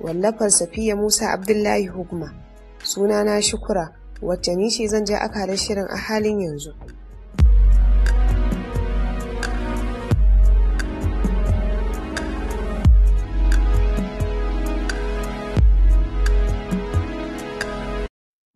wallafar safiya musa abdullahi Hukuma, suna na shukura wacce ni ce zan je aka da shirin a halin yanzu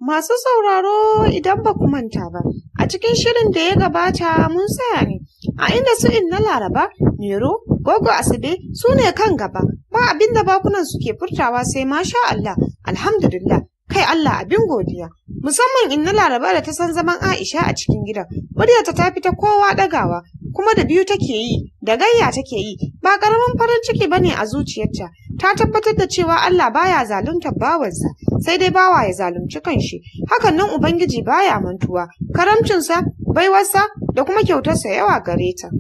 Masu sauraro idan ba ku manta ba, a cikin shirin da ya gabata mun tsaya ne, a inda su in na Laraba, nero Gogo Asibe su ne kan gaba, ba abin da bakunan suke furtawa sai masha Allah, alhamdulillah, kai Allah abin godiya. Musamman in na laraba da ta san zaman Aisha a cikin gidan, muryarta ta fi ta kowa ɗagawa, kuma da biyu take yi, da gayya take yi, ba ƙaramin farin ciki bane a zuciyarta. Ta tabbatar da cewa Allah baya zalunta bawansa, sai dai bawa ya zalunci kanshi. Hakan nan Ubangiji baya mantuwa, karamcinsa, baiwarsa da kuma kyautarsa yawa gare ta.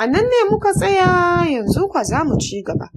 A nan ne muka tsaya yanzu kwa za mu ci gaba.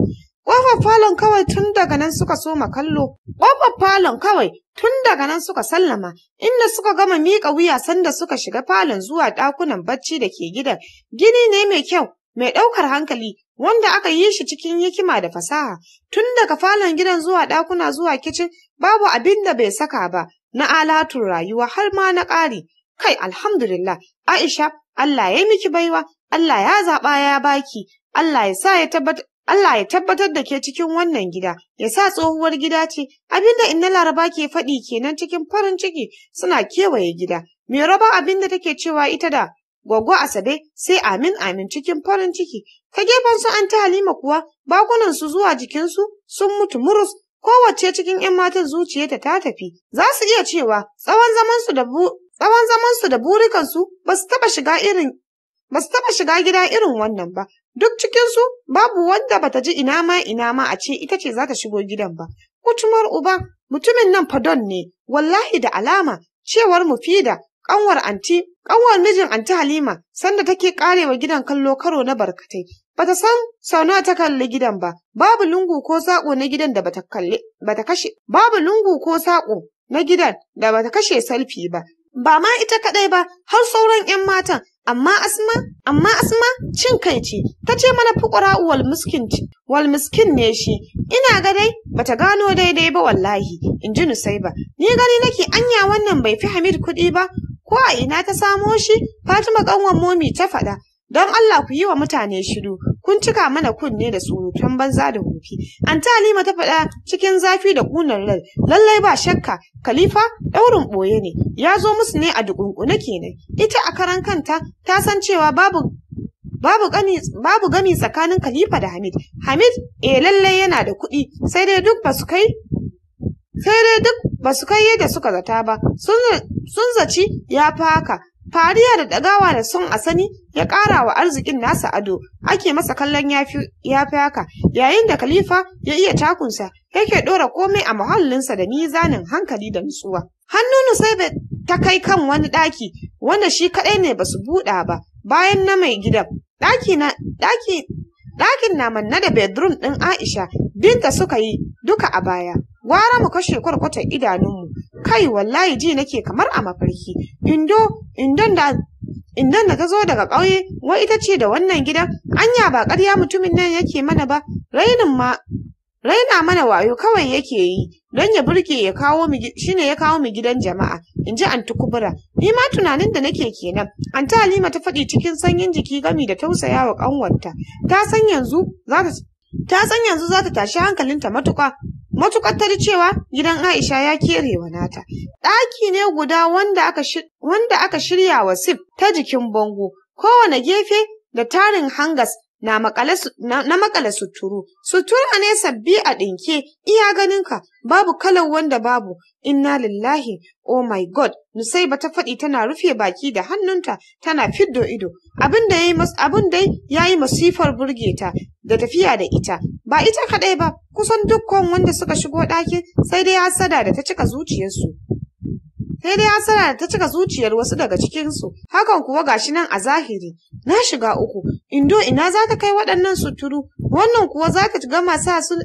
Ƙofar falon kawai tun daga nan suka soma kallo, ƙofar falon kawai tun daga nan suka sallama, inda suka gama miƙa wuya sanda suka shiga falon zuwa ɗakunan bacci da ke gidan. Gini ne mai kyau, mai ɗaukar hankali, wanda aka yi shi cikin hikima da fasaha, tun daga falon gidan zuwa ɗakuna zuwa kicin babu abin da bai saka ba na alatun rayuwa har ma na ƙari. Kai alhamdulillah, Aisha, Allah ya miki baiwa, Allah ya zaɓa ya baki, Allah ya sa ya tabbatar Allah ya tabbatar da ke cikin wannan gida, ya sa tsohuwar gida ce, abinda inna laraba ke faɗi kenan cikin farin ciki suna kewaye gida. Me raba abinda take cewa ita da gwaggo Asabe sai amin amin cikin farin ciki. Ta gefen su an ta Halima kuwa bakunan su zuwa jikinsu sun mutu murus kowace cikin 'yan matan zuciyarta ta tafi. Za su iya cewa tsawon zamansu da burikansu ba su taɓa shiga irin ba su taɓa shiga gida irin wannan ba. Duk cikinsu babu wanda bata ji ina ma ina ma a ce ita ce za ta shigo gidan ba. Mutumar uba, mutumin nan fadon ne, wallahi da alama cewar mufida, ƙanwar anti, ƙanwar mijin anti Halima, sanda take karewa gidan kallo karo na barkatai. Bata san sau nawa ta kalli gidan ba, babu lungu ko sako na gidan da bata kalli, bata kashe, babu lungu ko saƙo na gidan da bata kashe salfi ba. Ba ma ita kadai ba, har sauran ‘yan matan amma asma amma asma cin kai ce ta ce mana fukura wal miskin wal miskin ne shi ina ga dai bata gano daidai ba wallahi in ji nusaiba ni gani nake anya wannan bai fi hamid kuɗi ba ko a ina ta samo shi fatima kanwan momi ta faɗa don allah ku yi wa mutane shiru kun cika mana kunne da surutan banza da An Anta Halima ta faɗa cikin zafi da ƙunar rai, lallai ba shakka, Khalifa ɗaurin ɓoye ne, ya zo musu ne a dukunkune kenan. Ita a karan kanta ta san cewa babu babu gami babu gami tsakanin Khalifa da Hamid. Hamid eh lallai yana da kuɗi, sai dai duk basu kai sai dai duk ba kai yadda suka zata ba. Sun zaci ya fi haka, fariya da ɗagawa da son a sani ya ƙara wa arzikin nasa ado ake masa kallon ya fi haka yayin da khalifa ya iya takunsa yake ɗora komai a muhallinsa da mizanin hankali da nutsuwa hannu nusaibe ta kai kan wani ɗaki wanda shi kaɗai ne basu su buɗa ba bayan na mai gidan daki na daki ɗakin na manna da bedroom ɗin Aisha binta suka yi duka a baya. Gwara mu kashe kurkutar idanunmu, kai wallahi ji nake kamar a mafarki, indo, indon da Indan da ta zo daga ƙauye, wai ita ce da wannan gidan, anya ba ƙarya mutumin nan yake mana ba, rainin ma raina mana wayo kawai yake yi don ya burge ya kawo mu shine ya kawo mu gidan jama'a in ji anti kubura ni ma tunanin da nake kenan Anta halima ta faɗi cikin sanyin jiki gami da tausaya wa ƙanwarta ta san yanzu za ta ta san yanzu za ta tashi hankalinta matuƙa matuƙar ta cewa gidan aisha ya kerewa nata ɗaki ne guda wanda aka wanda aka shirya wa sif ta jikin bango, kowane gefe da tarin hangas na makale suturu, sutura ne sabbi a ɗinke, iya ganinka, babu kalan wanda babu, inna lillahi, oh my god, ba ta faɗi tana rufe baki da hannunta tana fiddo ido, abin da dai ya yi masifar burge ta da tafiya da ita, ba ita kaɗai ba, kusan dukkan wanda suka shigo ɗakin sai dai ya sada da ta cika zuciyarsu. sai dai hasara ta cika zuciyar wasu daga cikinsu hakan kuwa gashi nan a zahiri na shiga uku indo ina za ta kai waɗannan suturu wannan kuwa za ta gama sa su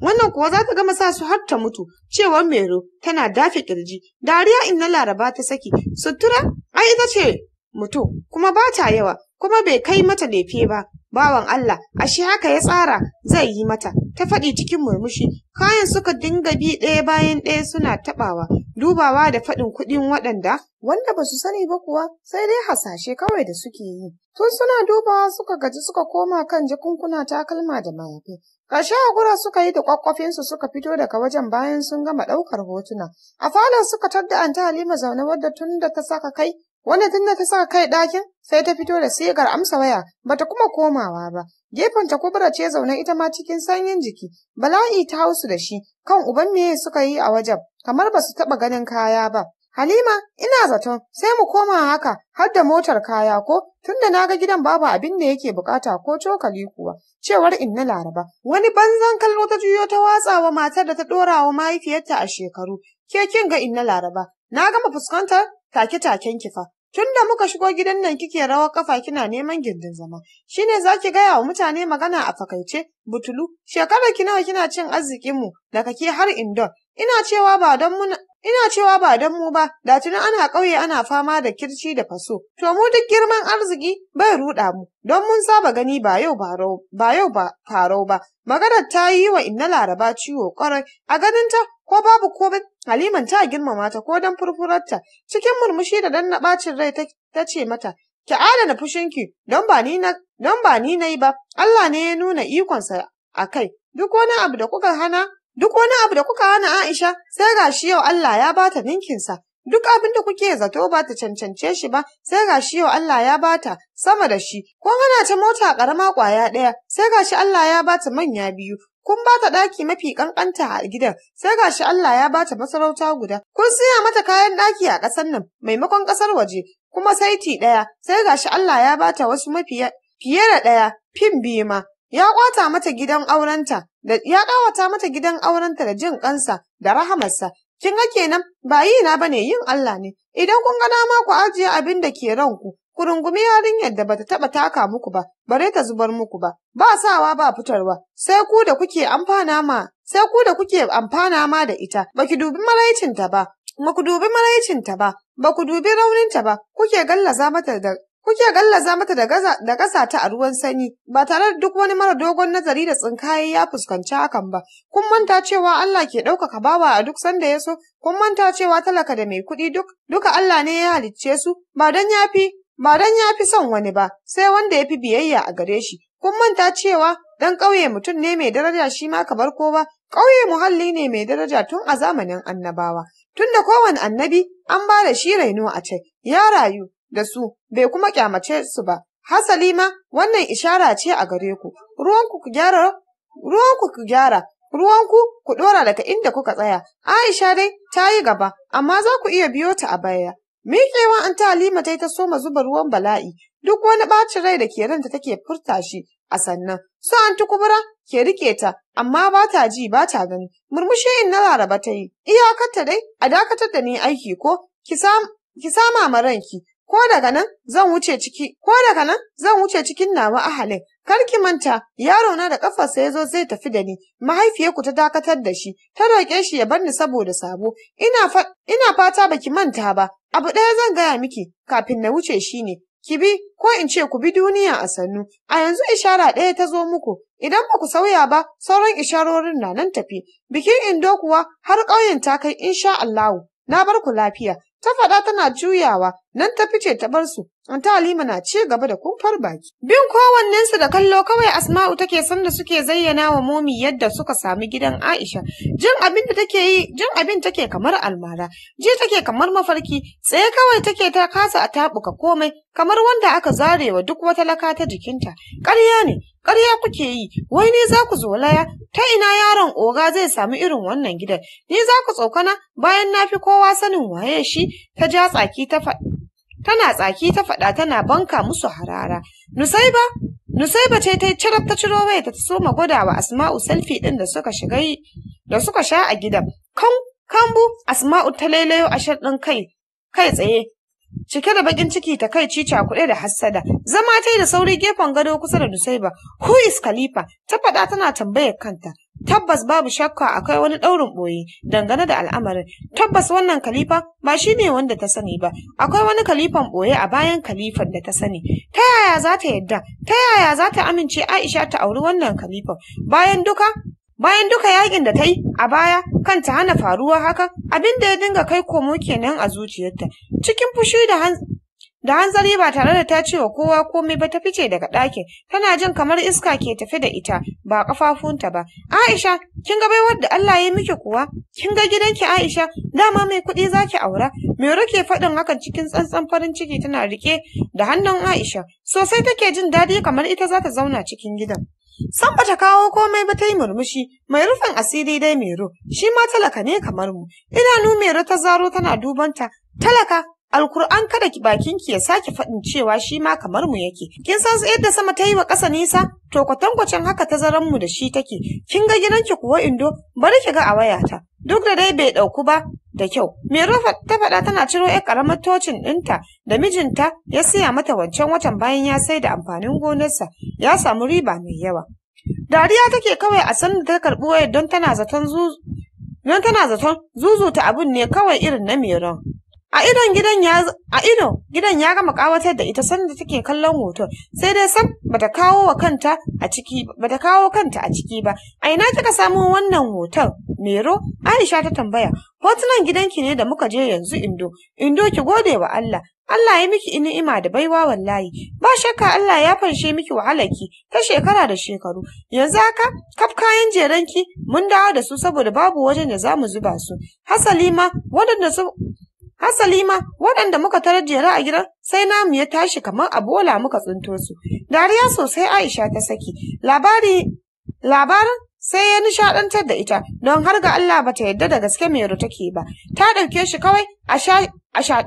wannan kuwa za ta gama sa su har ta mutu cewar mero tana dafe kirji dariya in laraba ta saki sutura ai ita ce mutum kuma ba ta yawa kuma bai kai mata lefe ba bawan Allah ashe haka ya tsara zai yi mata ta faɗi cikin murmushi kayan suka dinga bi ɗaya bayan ɗaya suna taɓawa dubawa da faɗin kuɗin waɗanda wanda ba su sani ba kuwa sai dai hasashe kawai da suke yi. Tun suna dubawa suka gaji suka koma kan jakunkuna takalma da mayafi. Ƙarshe a gura suka yi da kwakwafinsu suka fito daga wajen bayan sun gama ɗaukar hotuna. A falon suka tadda an ta Halima zaune wadda tun da ta saka kai Wanda tun da ta saka kai ɗakin sai ta fito da sigar amsa waya bata kuma komawa ba. Gefenta kubura ce zaune ita ma cikin sanyin jiki, bala'i ta hausu da shi, kan uban meye suka yi a wajen, kamar ba su taɓa ganin kaya ba. Halima, ina zaton sai mu koma haka har da motar kaya ko tunda naga gidan babu abin da yake bukata ko cokali kuwa. Cewar inna Laraba, wani banzan kallo ta juyo ta watsa wa matar da ta dora wa mahaifiyarta a shekaru. Ke kin ga inna Laraba, na gama fuskantar take-taken kifa. Tun da muka shigo gidan nan kike rawar kafa kina neman gindin zama, shi ne za ki gaya wa mutane magana a fakaice, butulu, shekarar ki nawa kina cin arzikinmu daga ke har indon, ina cewa ba don muna Ina cewa ba don mu ba, da tuni ana ƙauye ana fama da kirci da faso, to mu duk girman arziki bai ruɗa mu, don mun saba gani ba yau ba yau ba farau ba, maganar ta yi wa inna laraba ciwo ƙwarai, a ganin ta ko babu komai Haliman ta girmama ta ko dan furfurarta cikin murmushi da danna bacin rai ta ce mata ki adana fushinki don ba ni na don ba ni nayi ba Allah ne ya nuna ikonsa a kai duk wani abu da kuka hana duk wani abu da kuka hana Aisha sai gashi yau Allah ya bata ninkinsa duk abin da kuke zato ba ta cancance shi ba sai gashi yau Allah ya bata sama da shi ko hana ta mota karama kwaya daya sai gashi Allah ya bata manya biyu kun ba ta ɗaki mafi ƙanƙanta a gidan sai gashi Allah ya ba ta masarauta guda kun siya mata kayan ɗaki a ƙasar nan maimakon ƙasar waje kuma saiti ɗaya sai gashi Allah ya ba ta wasu mafi fiye da ɗaya fim biyu ma ya kwata mata gidan aurenta da ya ƙawata mata gidan aurenta da jin ƙansa da rahamarsa kin ga kenan ba yi na bane yin Allah ne idan kun ga dama ku ajiye abin da ke ranku Kurungumi yarinyar da bata taba taka muku ba, bare ta zubar muku ba, ba sawa ba fitarwa, sai ku da kuke amfana ma, sai ku da kuke amfana ma da ita, baki dubi ba, ba ku dubi ta ba, ba ku dubi raunin ta ba, kuke gallaza mata da kuke gallaza mata da gasa ta a ruwan sanyi ba tare da duk wani mara dogon nazari da tsinkaye ya fuskanci hakan ba kun manta cewa Allah ke ɗaukaka bawa a duk sanda ya so kun manta cewa talaka da mai kuɗi duk duka Allah ne ya halicce su ba don ya fi Ba dan ya fi son wani ba, sai wanda ya fi biyayya a gare shi. Kun manta cewa dan ƙauye mutum ne mai daraja shi ma bar kowa, ƙauye muhalli ne mai daraja tun a zamanin annabawa. Tun da kowane annabi an ba da shi raino a can, ya rayu da su bai kuma kyamace su ba. Hasali ma wannan ishara ce a gare ku, ruwanku ku ruwanku ku gyara, ruwanku ku ɗora daga inda kuka tsaya. Aisha dai ta yi gaba, amma za ku iya biyo ta a baya. Miƙewa an ta Halima ta yi ta soma zuba ruwan bala'i, duk wani ɓacin rai da ke ranta take furta shi a sannan. Su an tukubura ke rike ta, amma ba ta ji ba ta gani. Murmushe in na laraba ta yi, iyakarta dai a dakatar da ni aiki ko ki sama ma ranki, ko daga nan zan wuce ciki ko daga nan zan wuce cikin nawa ahalin kar ki manta yaro na da kafarsa yazo zai tafi da ni mahaifiyarku ta dakatar da shi ta roƙe shi ya bar ni saboda sabo ina ina fata baki manta ba abu ɗaya zan gaya miki kafin na wuce shi ne. ki bi ko in ce ku bi duniya a sannu a yanzu ishara ɗaya ta zo muku idan ba ku sauya ba sauran isharorin na nan tafi bikin indo kuwa har ƙauyen ta kai insha Allahu na bar ku lafiya ta faɗa tana juyawa Nan ta fice ta bar su, anta Halima na ci gaba da kumfar baki. Bin su da kallo kawai Asma'u take san da suke zayyana wa momi yadda suka sami gidan Aisha. Jin abin da take yi, jin abin take kamar almara, ji take kamar mafarki, tsaye kawai take ta kasa a tabuka komai, kamar wanda aka zarewa duk wata laka ta jikinta. Ƙarya ne, ƙarya kuke yi, wai ni za ku zo laya? ta ina yaron oga zai samu irin wannan gidan, ni za ku tsokana bayan na fi kowa sanin waye shi, ta ja tsaki ta faɗi. tana tsaki ta faɗa tana banka musu harara. Nusaiba, Nusaiba ce ta yi ta ciro waya ta so ma gwada wa Asma'u selfie ɗin da suka shiga da suka sha a gidan. Kan kambu Asma'u ta lailayo ashar ɗin kai kai tsaye cike da bakin ciki ta kai cica kuɗe da hassada. Zama ta da sauri gefen gado kusa da Nusaiba. Who is Khalifa? Ta faɗa tana tambayar kanta. Tabbas babu shakka akwai wani ɗaurin ɓoye dangane da al'amarin. Tabbas wannan kalifa ba shi ne wanda ta sani ba. Akwai wani kalifan ɓoye a bayan kalifan da ta sani. Ta yaya za ta yadda? Ta yaya za ta amince Aisha ta auri wannan kalifan? Bayan duka Bayan duka yakin da ta yi a baya kan ta hana faruwa haka abin da ya dinga kai komo kenan a zuciyarta cikin fushi da Da hanzari ba tare da ta ce wa kowa komai ba ta fice daga ɗakin, tana jin kamar iska ke tafi da ita ba ƙafafunta ba. Aisha, kin ga bai da Allah ya miki kuwa? Kin ga gidanki Aisha, dama mai kuɗi za ki aura? Me ke faɗin hakan cikin tsantsan farin ciki tana riƙe da hannun Aisha, sosai take jin daɗi kamar ita za ta zauna cikin gidan. San ta kawo komai ba ta yi murmushi, mai rufin asiri dai Mero, shi ma talaka ne kamar mu. Idanu Mero ta zaro tana dubanta, talaka Alkur'an kada ki bakin ki ya sake faɗin cewa shi ma kamar mu yake. Kin san yadda sama ta yi wa ƙasa nisa? To kwatankwacin haka tazaran mu da shi take. Kin ga gidanki kuwa indo? Bari ki ga a wayata. Duk da dai bai ɗauku ba da kyau. Me Rufa ta faɗa tana ciro 'yar ƙaramar tocin ɗinta da mijinta ya siya mata wancan watan bayan ya sai da amfanin gonarsa ya samu riba mai yawa. Dariya take kawai a sanda ta karɓi wayar don tana zaton zuzu. Don tana zaton zuzuta abun ne kawai irin na Meron. A idon gidan ya a ido gidan ya gama kawatar da ita sanda take kallon hoton sai dai sam bata kawo wa kanta a ciki bata kawo kanta a ciki ba a ina kika samu wannan hoton Mero Aisha ta tambaya hotunan gidanki ne da muka je yanzu Indo Indo ki gode wa Allah Allah ya miki ni'ima da baiwa wallahi ba shakka Allah ya fanshe miki wahalarki ta shekara da shekaru yanzu haka kaf kayan jeranki mun dawo da su saboda babu wajen da zamu zuba su hasali ma waɗanda su Hasali ma waɗanda muka tarar jere a gidan sai namu ya tashi kamar a bola muka tsinto su. Dariya sosai Aisha ta saki. Labari labarin sai ya nishaɗantar da ita don har ga Allah bata yadda da gaske Mero take ba. Ta ɗauke shi kawai a shaɗi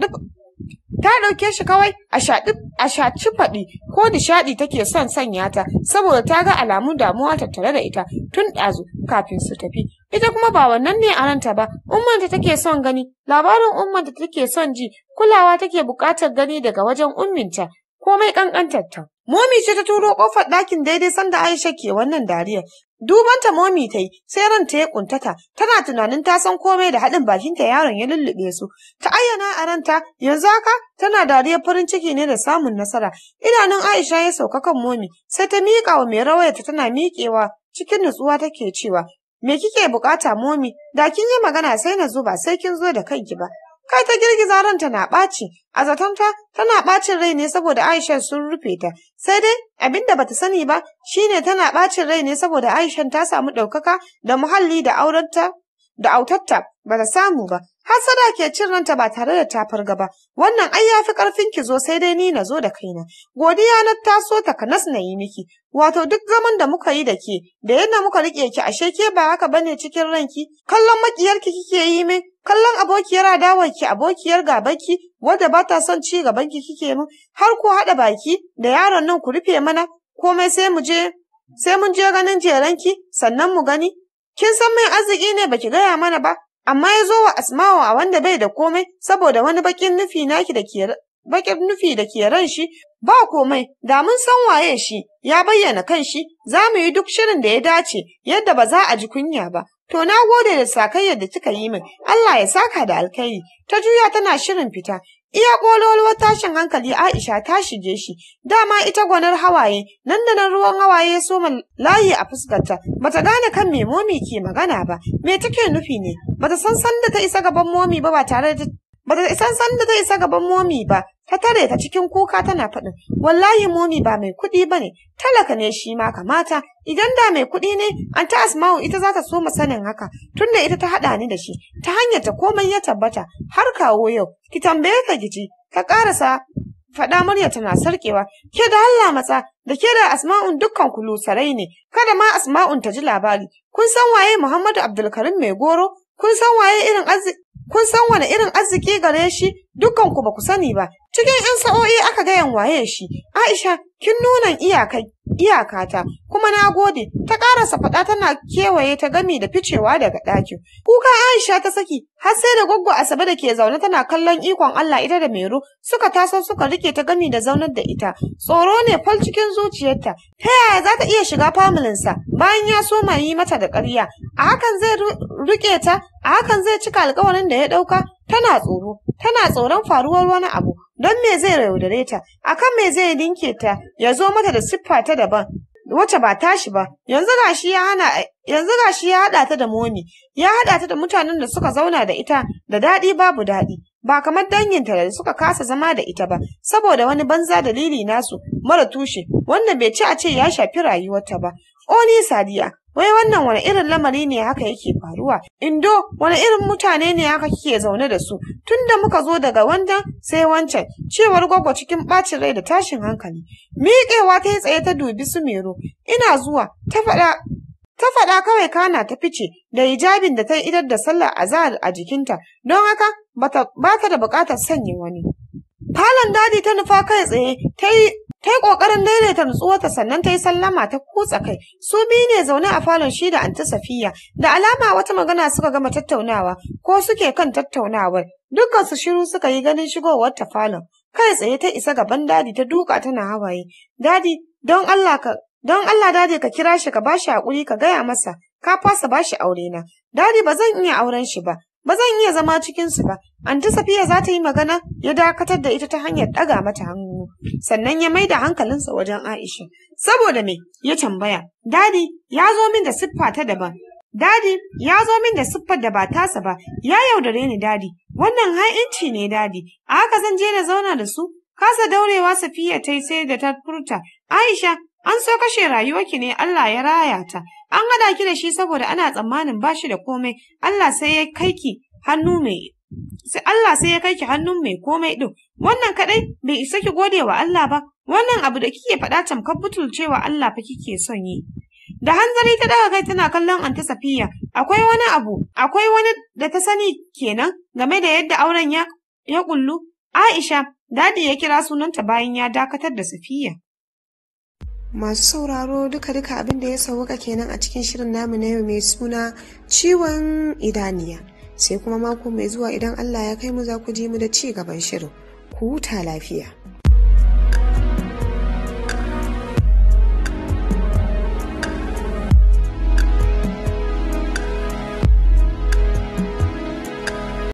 Ta ɗauke shi kawai a faɗi ko nishaɗi take son sanya ta saboda ta ga alamun damuwa tattare da ita tun ɗazu kafin su tafi. ita kuma ba wannan ne a ranta ba ummanta take son gani labarin ta take son ji kulawa take buƙatar gani daga wajen umminta komai ƙanƙantar ta momi ce ta turo ƙofar ɗakin daidai sanda Aisha ke wannan dariyar dubanta momi ta yi sai ranta ya kuntata tana tunanin ta san komai da haɗin bakinta yaron ya lullube su ta ayyana a ranta yanzu haka tana dariyar farin ciki ne da samun nasara idanun Aisha ya sauka kan momi sai ta miƙa wa mai rawayarta tana miƙewa cikin nutsuwa take cewa Me kike bukata momi? Da kin yi magana sai na zo ba sai kin zo da kanki ba. Kai ta girgiza ranta na ɓaci, a ta tana ɓacin rai ne saboda Aisha sun rufe ta. Sai dai abinda da bata sani ba shine tana ɓacin rai ne saboda Aisha ta samu ɗaukaka da muhalli da aurenta da autatta bata samu ba. Hassada ke cin ranta ba tare da ta farga ba. Wannan ai ya fi ƙarfin ki zo sai dai ni na zo da kaina. Godiya na taso takanas na yi miki. Wato duk zaman da muka yi da ke, da yadda muka riƙe ki ashe ke ba haka bane cikin ranki. Kallon makiyarki kike yi min, kallon abokiyar adawarki, abokiyar gabanki, wadda ba ta son ci gaban ki kike min. Har ko haɗa baki da yaron nan ku rufe mana, komai sai mu je sai mun je ganin jeranki sannan mu gani. Kin san mai arziki ne baki gaya mana ba, amma ya zo wa asma'u a wanda bai da komai saboda wani bakin nufi naki da ke bakin nufi da ke ran shi ba komai da mun san waye shi ya bayyana kan shi za mu yi duk shirin da ya dace yadda ba za a ji kunya ba to na gode da sakayyar da kika yi min Allah ya saka da alkhairi ta juya tana shirin fita Iya ƙololuwar tashin hankali Aisha ta shige shi, dama ita gwanar hawaye, nan da nan ruwan hawaye ya soma layi a fuskarta, bata gane kan me momi ke magana ba, me take nufi ne, bata san san da ta isa gaban momi ba ba tare da bata san san da ta isa gaban momi ba ta tare ta cikin kuka tana faɗin wallahi momi ba mai kuɗi ba ne talaka ne shi ma kamata idan da mai kuɗi ne an ta asma'u ita za ta so sanin haka tunda ita ta haɗa ni da shi ta hanyar ta komai ya tabbata har kawo yau ki tambaye ka gici ka ƙarasa faɗa murya tana sarkewa ke da Allah matsa da ke da asma'un dukkan ku lusarai ne kada ma asma'un ta ji labari kun san waye Muhammadu Abdulkarim mai goro kun san waye irin arziki kun san wani irin arziki gare shi Dukkanku ku ba ku sani ba, cikin ‘yan sa'o'i aka gayan waye shi, Aisha, kin nuna iyakata, kuma na gode, ta karasa faɗa tana kewaye ta gami da ficewa daga ɗakin. Kuka Aisha ta saki, har sai da Goggo Asabe da ke zaune tana kallon ikon Allah ita da Meru, suka taso suka rike ta gami da zaunar da ita. Tsoro ne fal cikin zuciyarta, ta yaya za ta iya shiga sa bayan ya soma yi mata da ƙarya, a hakan zai rike ta, a hakan zai cika alƙawarin da ya ɗauka, tana tsoro tana tsoron faruwar wani abu don me zai yaudare ta akan me zai dinke ta ya zo mata da siffa ta daban wacce ba tashi ba yanzu gashi ya hana yanzu gashi ya hada ta da moni ya hada ta da mutanen da suka zauna da ita da dadi babu dadi ba kamar danginta da suka kasa zama da ita ba saboda wani banza dalili nasu mara tushe wanda bai ci a ce ya shafi rayuwarta ba oni sadiya Wai wannan wani irin lamari ne haka yake faruwa? Indo, wani irin mutane ne haka kike zaune da su? Tunda muka zo daga wandan sai wancan, cewar gwaggo cikin ɓacin rai da tashin hankali. Miƙewa ta yi tsaye ta dubi su mero, ina zuwa, ta faɗa Ta faɗa kawai kana ta fice da hijabin da ta yi idar da sallar azahar a jikinta, don haka ba ta da buƙatar sanya wani. Falon daji ta nufa kai tsaye ta yi Ta yi ƙoƙarin daidaita ta sannan ta yi sallama ta kutsa kai. Su biyu ne zaune a falon shi da anti Safiya. Da alama wata magana suka gama tattaunawa ko suke kan tattaunawar. Dukkan su shiru suka yi ganin shigowar ta falon. Kai tsaye ta isa gaban dadi ta duka tana hawaye. Dadi, don Allah ka don Allah dadi ka kira shi ka bashi hakuri ka gaya masa. Ka fasa bashi aure na. Dadi ba zan iya auren shi ba. Ba zan iya zama cikinsu ba, Anti Safiya za ta yi magana ya dakatar da ita ta hanyar ɗaga mata hannu, sannan ya maida hankalinsa wajen Aisha. Saboda me ya tambaya, Dadi ya zo min da siffa ta daban. Dadi ya zo min da siffar da ba tasa ba, ya yaudare ni dadi, wannan ha'inci ne dadi, a haka zan je na zauna da su, kasa daurewa Safiya ta yi sai da ta furta, Aisha An so kashe rayuwarki ne Allah ya raya ta, an haɗa ki da shi saboda ana tsammanin ba shi da komai, Allah sai ya kai ki hannu mai sai Allah sai ya kai ki hannun mai komai ɗin. Wannan kaɗai bai isa ki gode wa Allah ba, wannan abu da kike faɗa tamkar cewa Allah fa kike son yi. Da hanzari ta ɗaga kai tana kallon Anta Safiya, akwai wani abu, akwai wani da ta sani kenan game da yadda auren ya ya kullu. Aisha, dadi ya kira sunanta bayan ya dakatar da Safiya. masu sauraro duka-duka abin da ya sauka kenan a cikin shirin namu na yau mai suna ciwon idaniya sai kuma mako mai zuwa idan allah ya kai mu za ku ji mu da ci gaban shirin ku huta lafiya